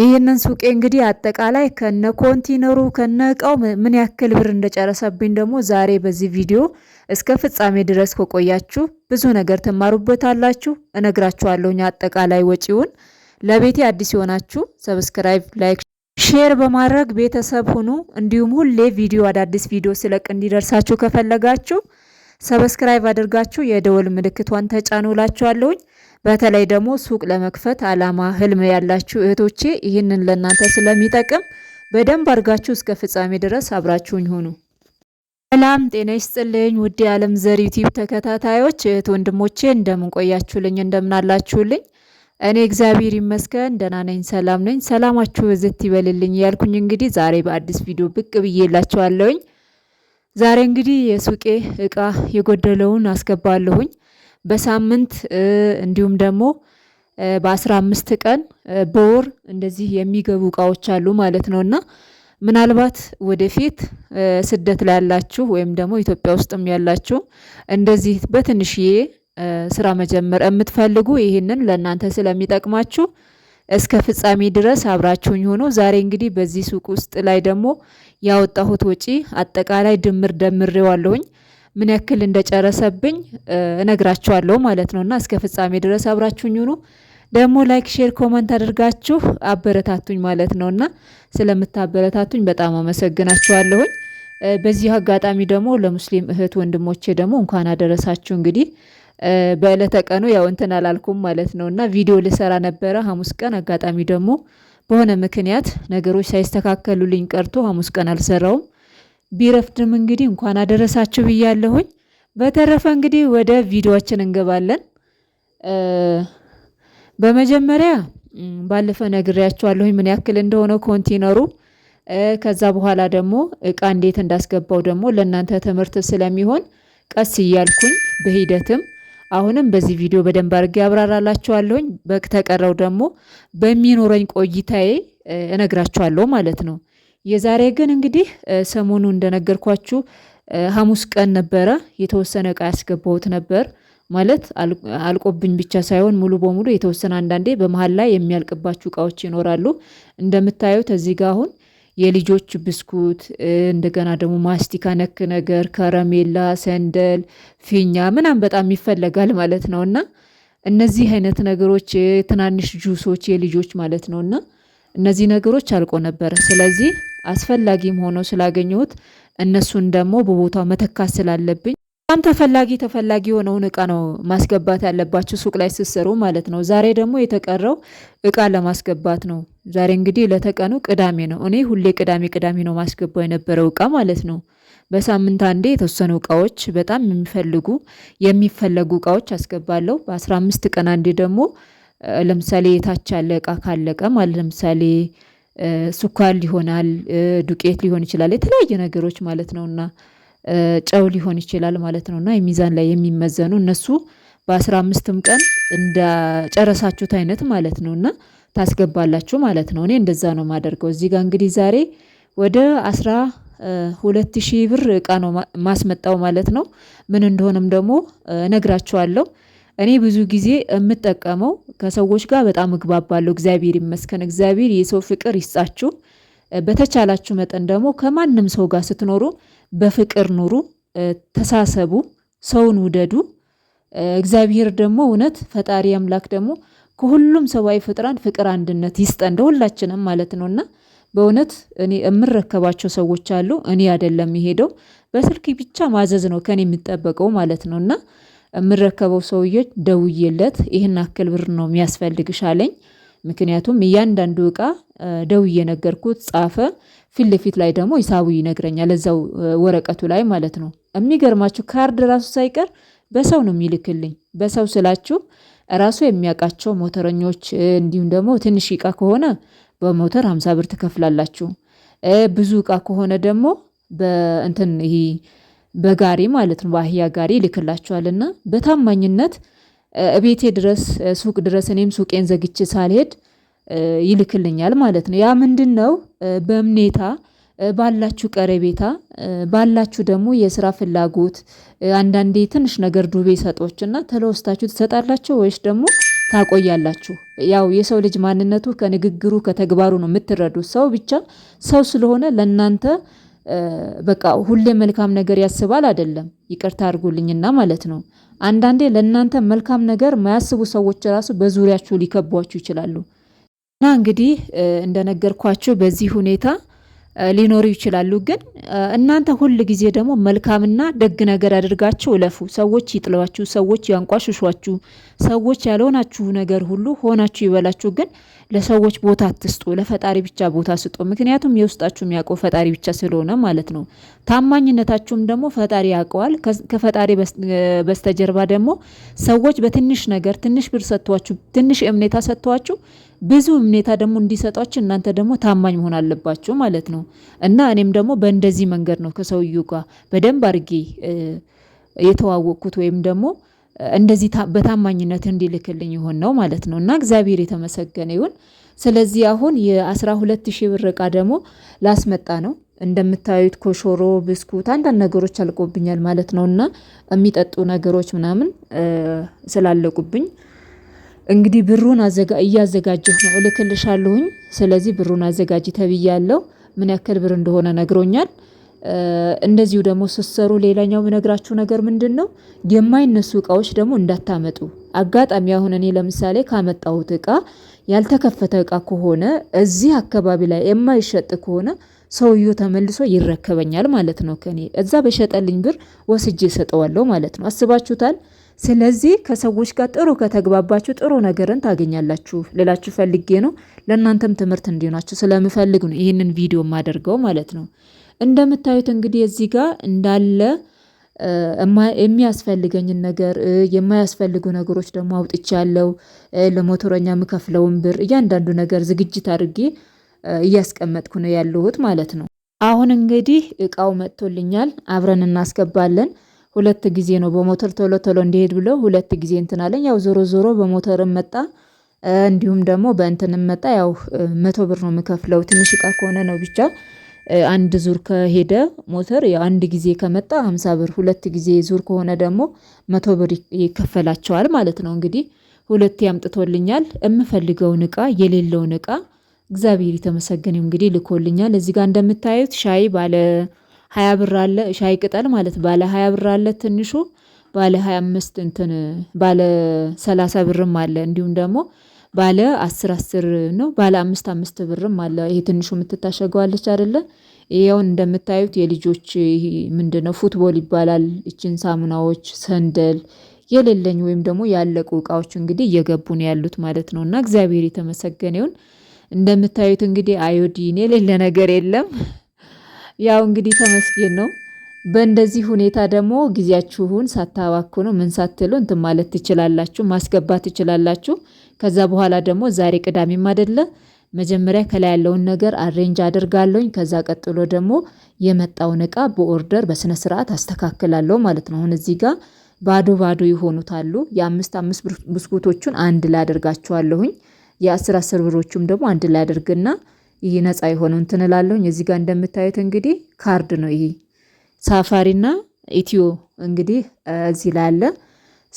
ይህንን ሱቄ እንግዲህ አጠቃላይ ከነ ኮንቲነሩ ከነ እቃው ምን ያክል ብር እንደጨረሰብኝ ደግሞ ዛሬ በዚህ ቪዲዮ እስከ ፍጻሜ ድረስ ከቆያችሁ ብዙ ነገር ትማሩበታላችሁ። እነግራችኋለሁኝ አጠቃላይ ወጪውን። ለቤቴ አዲስ የሆናችሁ ሰብስክራይብ፣ ላይክ፣ ሼር በማድረግ ቤተሰብ ሁኑ። እንዲሁም ሁሌ ቪዲዮ አዳዲስ ቪዲዮ ስለቅ እንዲደርሳችሁ ከፈለጋችሁ ሰብስክራይብ አድርጋችሁ የደወል ምልክቷን ተጫኑላችኋለሁኝ። በተለይ ደግሞ ሱቅ ለመክፈት አላማ ህልም ያላችሁ እህቶቼ ይህንን ለእናንተ ስለሚጠቅም በደንብ አድርጋችሁ እስከ ፍጻሜ ድረስ አብራችሁኝ ሆኑ። ሰላም ጤና ይስጥልኝ ውድ የዓለም ዘር ዩቲዩብ ተከታታዮች እህት ወንድሞቼ እንደምንቆያችሁልኝ እንደምናላችሁልኝ እኔ እግዚአብሔር ይመስገን ደህና ነኝ፣ ሰላም ነኝ። ሰላማችሁ በዘት ይበልልኝ እያልኩኝ እንግዲህ ዛሬ በአዲስ ቪዲዮ ብቅ ብዬላችኋለሁኝ። ዛሬ እንግዲህ የሱቄ እቃ የጎደለውን አስገባለሁኝ በሳምንት እንዲሁም ደግሞ በአስራ አምስት ቀን በወር እንደዚህ የሚገቡ እቃዎች አሉ ማለት ነው እና ምናልባት ወደፊት ስደት ላይ ያላችሁ ወይም ደግሞ ኢትዮጵያ ውስጥም ያላችሁ እንደዚህ በትንሽዬ ስራ መጀመር የምትፈልጉ ይህንን ለእናንተ ስለሚጠቅማችሁ እስከ ፍጻሜ ድረስ አብራችሁኝ ሆኖ ዛሬ እንግዲህ በዚህ ሱቅ ውስጥ ላይ ደግሞ ያወጣሁት ወጪ አጠቃላይ ድምር ደምሬዋለሁኝ ምን ያክል እንደጨረሰብኝ እነግራችኋለሁ ማለት ነውና እስከ ፍጻሜ ድረስ አብራችሁኝ ሁኑ። ደግሞ ላይክ፣ ሼር፣ ኮመንት አድርጋችሁ አበረታቱኝ ማለት ነውና ስለምታበረታቱኝ በጣም አመሰግናችኋለሁኝ። በዚህ አጋጣሚ ደግሞ ለሙስሊም እህት ወንድሞቼ ደግሞ እንኳን አደረሳችሁ እንግዲህ በዕለተ ቀኑ ያው እንትን አላልኩም ማለት ነው እና ቪዲዮ ልሰራ ነበረ ሐሙስ ቀን አጋጣሚ ደግሞ በሆነ ምክንያት ነገሮች ሳይስተካከሉልኝ ቀርቶ ሐሙስ ቀን አልሰራውም። ቢረፍድም እንግዲህ እንኳን አደረሳችሁ ብያለሁኝ። በተረፈ እንግዲህ ወደ ቪዲዮችን እንገባለን። በመጀመሪያ ባለፈ ነግሬያችኋለሁኝ ምን ያክል እንደሆነ ኮንቲነሩ ከዛ በኋላ ደግሞ እቃ እንዴት እንዳስገባው ደግሞ ለእናንተ ትምህርት ስለሚሆን ቀስ እያልኩኝ በሂደትም አሁንም በዚህ ቪዲዮ በደንብ አድርጌ አብራራላችኋለሁኝ። በተቀረው ደግሞ በሚኖረኝ ቆይታዬ እነግራችኋለሁ ማለት ነው። የዛሬ ግን እንግዲህ ሰሞኑ እንደነገርኳችሁ ሐሙስ ቀን ነበረ የተወሰነ እቃ ያስገባሁት ነበር ማለት አልቆብኝ ብቻ ሳይሆን ሙሉ በሙሉ የተወሰነ አንዳንዴ በመሀል ላይ የሚያልቅባችሁ እቃዎች ይኖራሉ። እንደምታዩት እዚህ ጋር አሁን የልጆች ብስኩት እንደገና ደግሞ ማስቲካ ነክ ነገር፣ ከረሜላ፣ ሰንደል፣ ፊኛ ምናምን በጣም ይፈለጋል ማለት ነው እና እነዚህ አይነት ነገሮች ትናንሽ ጁሶች የልጆች ማለት ነው እና እነዚህ ነገሮች አልቆ ነበረ። ስለዚህ አስፈላጊም ሆኖ ስላገኘሁት እነሱን ደግሞ በቦታው መተካት ስላለብኝ በጣም ተፈላጊ ተፈላጊ የሆነውን እቃ ነው ማስገባት ያለባቸው ሱቅ ላይ ስትሰሩ ማለት ነው። ዛሬ ደግሞ የተቀረው እቃ ለማስገባት ነው። ዛሬ እንግዲህ ለተቀኑ ቅዳሜ ነው። እኔ ሁሌ ቅዳሜ ቅዳሜ ነው ማስገባው የነበረው እቃ ማለት ነው። በሳምንት አንዴ የተወሰኑ እቃዎች በጣም የሚፈልጉ የሚፈለጉ እቃዎች አስገባለሁ። በአስራ አምስት ቀን አንዴ ደግሞ ለምሳሌ የታች ያለ እቃ ካለቀ ማለት ለምሳሌ ስኳር ሊሆናል፣ ዱቄት ሊሆን ይችላል፣ የተለያየ ነገሮች ማለት ነው እና ጨው ሊሆን ይችላል ማለት ነው እና የሚዛን ላይ የሚመዘኑ እነሱ በአስራ አምስትም ቀን እንደጨረሳችሁት አይነት ማለት ነው እና ታስገባላችሁ ማለት ነው። እኔ እንደዛ ነው የማደርገው። እዚህ ጋር እንግዲህ ዛሬ ወደ አስራ ሁለት ሺህ ብር እቃ ነው ማስመጣው ማለት ነው። ምን እንደሆነም ደግሞ እነግራችኋለሁ። እኔ ብዙ ጊዜ የምጠቀመው ከሰዎች ጋር በጣም እግባባለሁ። እግዚአብሔር ይመስገን። እግዚአብሔር የሰው ፍቅር ይስጣችሁ። በተቻላችሁ መጠን ደግሞ ከማንም ሰው ጋር ስትኖሩ በፍቅር ኑሩ፣ ተሳሰቡ፣ ሰውን ውደዱ። እግዚአብሔር ደግሞ እውነት ፈጣሪ አምላክ ደግሞ ከሁሉም ሰብአዊ ፍጥራን ፍቅር፣ አንድነት እንደ ሁላችንም ማለት ነውና በእውነት እኔ የምረከባቸው ሰዎች አሉ። እኔ አይደለም የሄደው በስልክ ብቻ ማዘዝ ነው ከኔ የሚጠበቀው ማለት ነው እና የምረከበው ሰውዬ ደውዬለት ይህን አክል ብር ነው የሚያስፈልግሽ አለኝ። ምክንያቱም እያንዳንዱ እቃ ደውዬ ነገርኩት፣ ጻፈ። ፊት ለፊት ላይ ደግሞ ሂሳቡ ይነግረኛል እዛው ወረቀቱ ላይ ማለት ነው። የሚገርማችሁ ካርድ ራሱ ሳይቀር በሰው ነው የሚልክልኝ። በሰው ስላችሁ ራሱ የሚያውቃቸው ሞተረኞች እንዲሁም ደግሞ ትንሽ እቃ ከሆነ በሞተር ሀምሳ ብር ትከፍላላችሁ። ብዙ እቃ ከሆነ ደግሞ በእንትን ይሄ በጋሪ ማለት ነው በአህያ ጋሪ ይልክላችኋል እና በታማኝነት ቤቴ ድረስ ሱቅ ድረስ እኔም ሱቄን ዘግቼ ሳልሄድ ይልክልኛል ማለት ነው። ያ ምንድነው በምኔታ ባላችሁ ቀረቤታ ባላችሁ ደግሞ የስራ ፍላጎት አንዳንዴ ትንሽ ነገር ዱቤ ሰጦችና እና ተለወስታችሁ ትሰጣላችሁ ወይስ ደግሞ ታቆያላችሁ? ያው የሰው ልጅ ማንነቱ ከንግግሩ ከተግባሩ ነው የምትረዱት። ሰው ብቻ ሰው ስለሆነ ለእናንተ በቃ ሁሌ መልካም ነገር ያስባል አይደለም። ይቅርታ አድርጉልኝና ማለት ነው። አንዳንዴ ለእናንተ መልካም ነገር ማያስቡ ሰዎች ራሱ በዙሪያችሁ ሊከቧችሁ ይችላሉ። እና እንግዲህ እንደነገርኳችሁ በዚህ ሁኔታ ሊኖሩ ይችላሉ። ግን እናንተ ሁል ጊዜ ደግሞ መልካምና ደግ ነገር አድርጋችሁ እለፉ። ሰዎች ይጥሏችሁ፣ ሰዎች ያንቋሽሿችሁ፣ ሰዎች ያልሆናችሁ ነገር ሁሉ ሆናችሁ ይበላችሁ ግን ለሰዎች ቦታ አትስጡ፣ ለፈጣሪ ብቻ ቦታ ስጡ። ምክንያቱም የውስጣችሁ የሚያውቀው ፈጣሪ ብቻ ስለሆነ ማለት ነው። ታማኝነታችሁም ደግሞ ፈጣሪ ያውቀዋል። ከፈጣሪ በስተጀርባ ደግሞ ሰዎች በትንሽ ነገር ትንሽ ብር ሰጥቷችሁ፣ ትንሽ እምኔታ ሰጥቷችሁ ብዙ እምኔታ ደግሞ እንዲሰጧችሁ እናንተ ደግሞ ታማኝ መሆን አለባችሁ ማለት ነው እና እኔም ደግሞ በእንደዚህ መንገድ ነው ከሰውዬው ጋር በደንብ አድርጌ የተዋወቅኩት ወይም ደግሞ እንደዚህ በታማኝነት እንዲልክልኝ ይሆን ነው ማለት ነው። እና እግዚአብሔር የተመሰገነ ይሁን። ስለዚህ አሁን የአስራ ሁለት ሺህ ብር እቃ ደግሞ ላስመጣ ነው። እንደምታዩት ኮሾሮ፣ ብስኩት፣ አንዳንድ ነገሮች አልቆብኛል ማለት ነው እና የሚጠጡ ነገሮች ምናምን ስላለቁብኝ እንግዲህ ብሩን እያዘጋጀሁ ነው። እልክልሻለሁኝ። ስለዚህ ብሩን አዘጋጅ ተብያለሁ። ምን ያክል ብር እንደሆነ ነግሮኛል። እንደዚሁ ደግሞ ስሰሩ ሌላኛው የምነግራችሁ ነገር ምንድን ነው፣ የማይነሱ እቃዎች ደግሞ እንዳታመጡ። አጋጣሚ አሁን እኔ ለምሳሌ ካመጣሁት እቃ ያልተከፈተ እቃ ከሆነ እዚህ አካባቢ ላይ የማይሸጥ ከሆነ ሰውየው ተመልሶ ይረከበኛል ማለት ነው። ከኔ እዛ በሸጠልኝ ብር ወስጄ እሰጠዋለሁ ማለት ነው። አስባችሁታል? ስለዚህ ከሰዎች ጋር ጥሩ ከተግባባችሁ ጥሩ ነገርን ታገኛላችሁ ልላችሁ ፈልጌ ነው። ለእናንተም ትምህርት እንዲሆናችሁ ስለምፈልግ ነው ይህንን ቪዲዮ የማደርገው ማለት ነው። እንደምታዩት እንግዲህ እዚህ ጋር እንዳለ የሚያስፈልገኝን ነገር የማያስፈልጉ ነገሮች ደግሞ አውጥቻ ያለው ለሞቶረኛ የምከፍለውን ብር እያንዳንዱ ነገር ዝግጅት አድርጌ እያስቀመጥኩ ነው ያለሁት ማለት ነው። አሁን እንግዲህ እቃው መጥቶልኛል። አብረን እናስገባለን። ሁለት ጊዜ ነው በሞተር ቶሎ ቶሎ እንዲሄድ ብለው ሁለት ጊዜ እንትን አለኝ። ያው ዞሮ ዞሮ በሞተርም መጣ እንዲሁም ደግሞ በእንትንም መጣ። ያው መቶ ብር ነው የምከፍለው። ትንሽ እቃ ከሆነ ነው ብቻ አንድ ዙር ከሄደ ሞተር አንድ ጊዜ ከመጣ ሀምሳ ብር ሁለት ጊዜ ዙር ከሆነ ደግሞ መቶ ብር ይከፈላቸዋል ማለት ነው። እንግዲህ ሁለቴ አምጥቶልኛል የምፈልገውን እቃ የሌለውን እቃ እግዚአብሔር የተመሰገነ እንግዲህ ልኮልኛል። እዚህ ጋር እንደምታዩት ሻይ ባለ ሃያ ብር አለ ሻይ ቅጠል ማለት ባለ ሃያ ብር አለ ትንሹ ባለ ሃያ አምስት እንትን ባለ ሰላሳ ብርም አለ እንዲሁም ደግሞ ባለ አስር አስር ነው ባለ አምስት አምስት ብርም አለ። ይሄ ትንሹ የምትታሸገዋለች አይደለ? ይኸውን እንደምታዩት የልጆች ምንድነው ፉትቦል ይባላል። ይችን ሳሙናዎች ሰንደል የሌለኝ ወይም ደግሞ ያለቁ እቃዎች እንግዲህ እየገቡ ነው ያሉት ማለት ነው። እና እግዚአብሔር የተመሰገነ ይሁን። እንደምታዩት እንግዲህ አዮዲን የሌለ ነገር የለም። ያው እንግዲህ ተመስገን ነው። በእንደዚህ ሁኔታ ደግሞ ጊዜያችሁን ሳታባክኑ ምን ሳትሉ እንትን ማለት ትችላላችሁ፣ ማስገባት ትችላላችሁ። ከዛ በኋላ ደግሞ ዛሬ ቅዳሜም አደለ መጀመሪያ ከላይ ያለውን ነገር አሬንጅ አደርጋለሁኝ። ከዛ ቀጥሎ ደግሞ የመጣውን እቃ በኦርደር በስነ ስርዓት አስተካክላለሁ ማለት ነው። አሁን እዚህ ጋር ባዶ ባዶ የሆኑት አሉ። የአምስት አምስት ብስኩቶቹን አንድ ላይ አደርጋቸዋለሁኝ። የአስር አስር ብሮቹም ደግሞ አንድ ላይ አደርግና ይህ ነፃ የሆነው እንትን እላለሁኝ። እዚህ ጋር እንደምታዩት እንግዲህ ካርድ ነው ይሄ ሳፋሪና ኢትዮ እንግዲህ እዚህ ላይ አለ።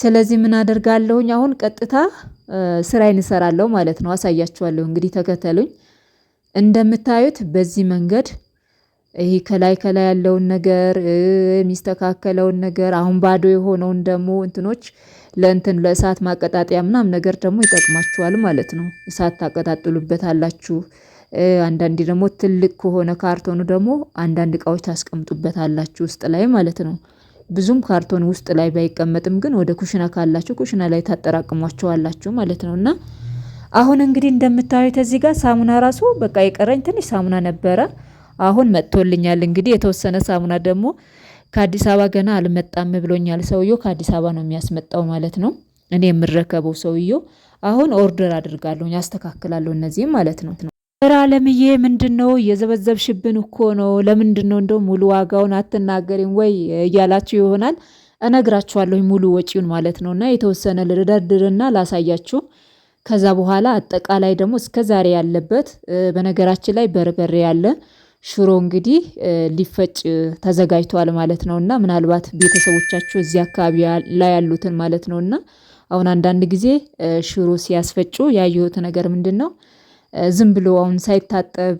ስለዚህ ምን አደርጋለሁኝ አሁን ቀጥታ ስራዬን እሰራለሁ ማለት ነው። አሳያችኋለሁ እንግዲህ ተከተሉኝ። እንደምታዩት በዚህ መንገድ ይሄ ከላይ ከላይ ያለውን ነገር የሚስተካከለውን ነገር አሁን ባዶ የሆነውን ደግሞ እንትኖች ለእንትን ለእሳት ማቀጣጠያ ምናም ነገር ደግሞ ይጠቅማችኋል ማለት ነው። እሳት ታቀጣጥሉበታላችሁ። አንዳንዴ ደግሞ ትልቅ ከሆነ ካርቶኑ ደግሞ አንዳንድ እቃዎች ታስቀምጡበታላችሁ ውስጥ ላይ ማለት ነው ብዙም ካርቶን ውስጥ ላይ ባይቀመጥም ግን ወደ ኩሽና ካላችሁ ኩሽና ላይ ታጠራቅሟቸዋላችሁ ማለት ነው። እና አሁን እንግዲህ እንደምታዩት እዚህ ጋር ሳሙና ራሱ በቃ የቀረኝ ትንሽ ሳሙና ነበረ። አሁን መጥቶልኛል። እንግዲህ የተወሰነ ሳሙና ደግሞ ከአዲስ አበባ ገና አልመጣም ብሎኛል ሰውየው። ከአዲስ አበባ ነው የሚያስመጣው ማለት ነው። እኔ የምረከበው ሰውየው አሁን ኦርደር አድርጋለሁ፣ ያስተካክላለሁ እነዚህም ማለት ነው። ኧረ አለምዬ ምንድን ነው ሽብን እኮ ነው ለምንድን ነው እንደው ሙሉ ዋጋውን አትናገሪም ወይ እያላችሁ ይሆናል እነግራችኋለሁ ሙሉ ወጪውን ማለት ነው እና የተወሰነ ልደርድርና ላሳያችሁ ከዛ በኋላ አጠቃላይ ደግሞ እስከ ዛሬ ያለበት በነገራችን ላይ በርበሬ ያለ ሽሮ እንግዲህ ሊፈጭ ተዘጋጅቷል ማለት ነው እና ምናልባት ቤተሰቦቻችሁ እዚህ አካባቢ ላይ ያሉትን ማለት ነው እና አሁን አንዳንድ ጊዜ ሽሮ ሲያስፈጩ ያየሁት ነገር ምንድን ነው ዝም ብሎ አሁን ሳይታጠብ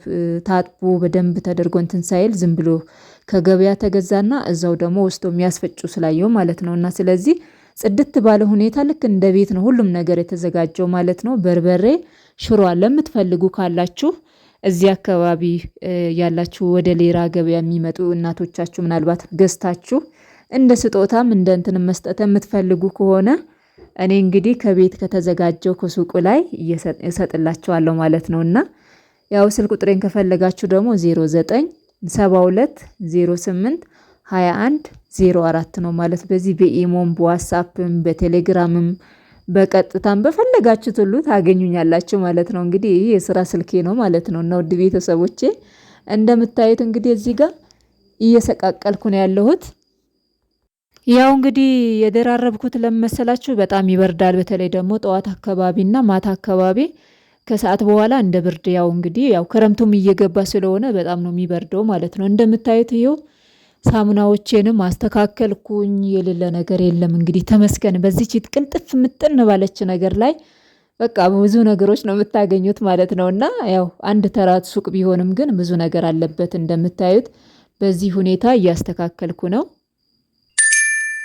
ታጥቦ በደንብ ተደርጎ እንትን ሳይል ዝም ብሎ ከገበያ ተገዛና እዛው ደግሞ ወስዶ የሚያስፈጩ ስላየው ማለት ነው። እና ስለዚህ ጽድት ባለ ሁኔታ ልክ እንደ ቤት ነው ሁሉም ነገር የተዘጋጀው ማለት ነው። በርበሬ ሽሯ ለምትፈልጉ ካላችሁ እዚህ አካባቢ ያላችሁ ወደ ሌላ ገበያ የሚመጡ እናቶቻችሁ ምናልባት ገዝታችሁ እንደ ስጦታም እንደ መስጠት የምትፈልጉ ከሆነ እኔ እንግዲህ ከቤት ከተዘጋጀው ከሱቁ ላይ እሰጥላቸዋለሁ ማለት ነው። እና ያው ስልክ ቁጥሬን ከፈለጋችሁ ደግሞ 09 21 04 ነው ማለት በዚህ በኢሞም በዋትሳፕም በቴሌግራምም በቀጥታም በፈለጋችሁት ሁሉ ታገኙኛላችሁ ማለት ነው። እንግዲህ ይህ የስራ ስልኬ ነው ማለት ነው እና ውድ ቤተሰቦቼ እንደምታዩት እንግዲህ እዚህ ጋር እየሰቃቀልኩ ነው ያለሁት። ያው እንግዲህ የደራረብኩት ለመሰላችሁ በጣም ይበርዳል። በተለይ ደግሞ ጠዋት አካባቢና ማታ አካባቢ ከሰዓት በኋላ እንደ ብርድ ያው እንግዲህ ያው ክረምቱም እየገባ ስለሆነ በጣም ነው የሚበርደው ማለት ነው። እንደምታዩት ይኸው ሳሙናዎቼንም አስተካከልኩኝ። የሌለ ነገር የለም እንግዲህ ተመስገን። በዚች ቅልጥፍ ምጥን ባለች ነገር ላይ በቃ ብዙ ነገሮች ነው የምታገኙት ማለት ነው። እና ያው አንድ ተራት ሱቅ ቢሆንም ግን ብዙ ነገር አለበት እንደምታዩት። በዚህ ሁኔታ እያስተካከልኩ ነው።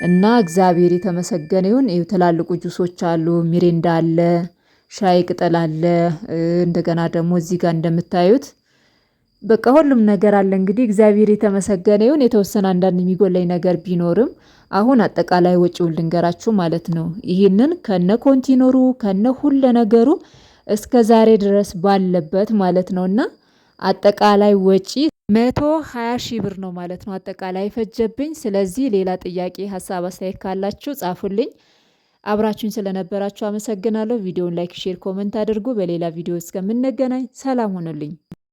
እና እግዚአብሔር የተመሰገነ ይሁን። ትላልቁ ጁሶች አሉ፣ ሚሪንዳ አለ፣ ሻይ ቅጠል አለ። እንደገና ደግሞ እዚህ ጋር እንደምታዩት በቃ ሁሉም ነገር አለ። እንግዲህ እግዚአብሔር የተመሰገነ ይሁን። የተወሰነ አንዳንድ የሚጎለኝ ነገር ቢኖርም አሁን አጠቃላይ ወጪውን ልንገራችሁ ማለት ነው። ይህንን ከነ ኮንቲኖሩ ከነ ሁለ ነገሩ እስከ ዛሬ ድረስ ባለበት ማለት ነው እና አጠቃላይ ወጪ መቶ ሀያ ሺህ ብር ነው ማለት ነው አጠቃላይ ፈጀብኝ። ስለዚህ ሌላ ጥያቄ ሀሳብ አስተያየት ካላችሁ ጻፉልኝ። አብራችሁን ስለነበራችሁ አመሰግናለሁ። ቪዲዮውን ላይክ፣ ሼር፣ ኮመንት አድርጉ። በሌላ ቪዲዮ እስከምንገናኝ ሰላም ሆኑልኝ።